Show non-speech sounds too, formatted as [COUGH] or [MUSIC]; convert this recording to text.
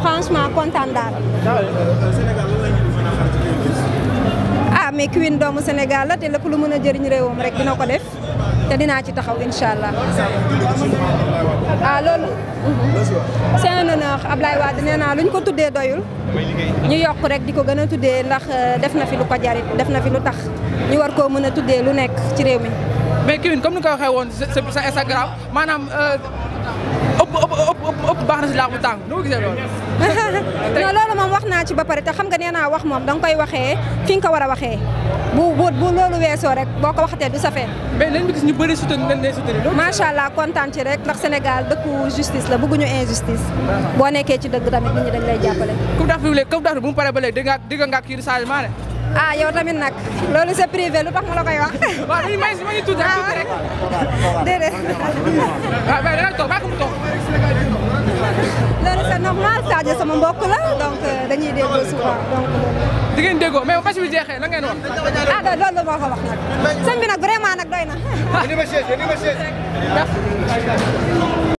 franchement kontaan daal. ah mais Queen doomu Sénégal la te lépp lu mën a jëriñ réewam rek dina ko def te dinaa ci taxaw incha allah. ah loolu. a mhm. un honneur Ablaye Wade nee naa luñ ko tuddee doyul. ñu yokk rek di ko gën a tuddee ndax euh, def na fi lu ko jarit def na fi lu tax ñu war koo mën a tuddee lu nekk ci réew mi. mais Queen comme ni ko waxee woon sa Instagram maanaam euh, baax na si laax bu tàng nu [LAUGHS] loolu. moom wax naa ci ba pare te xam nga nee naa wax moom danga koy waxee fi nga ko war a waxee bu bu bu loolu weesoo rek boo ko waxatee du safee. mais leen bi macha allah kontaan ci rek ndax Sénégal dëkku justice la bëgguñu injustice. boo nekkee ci dëgg tamit nit ñi dañ lay jàppale. comme dax bi léegi comme dax bi bu mu paree ba léegi dégg nga dégg nga ah yow tamit nag loolu c'est privé lu tax ma la koy wax. [LAUGHS] waaw li may li ah, [LAUGHS] ah, ko toog. Sadio sama mbokk la donc euh, dañuy déggoo souvent donc. Euh, di ngeen déggoo mais bu match bi jeexee la ngeen wax. ah de loolu moo ko wax nag. sëñ ma nag vraiment nag doy na. [LAUGHS]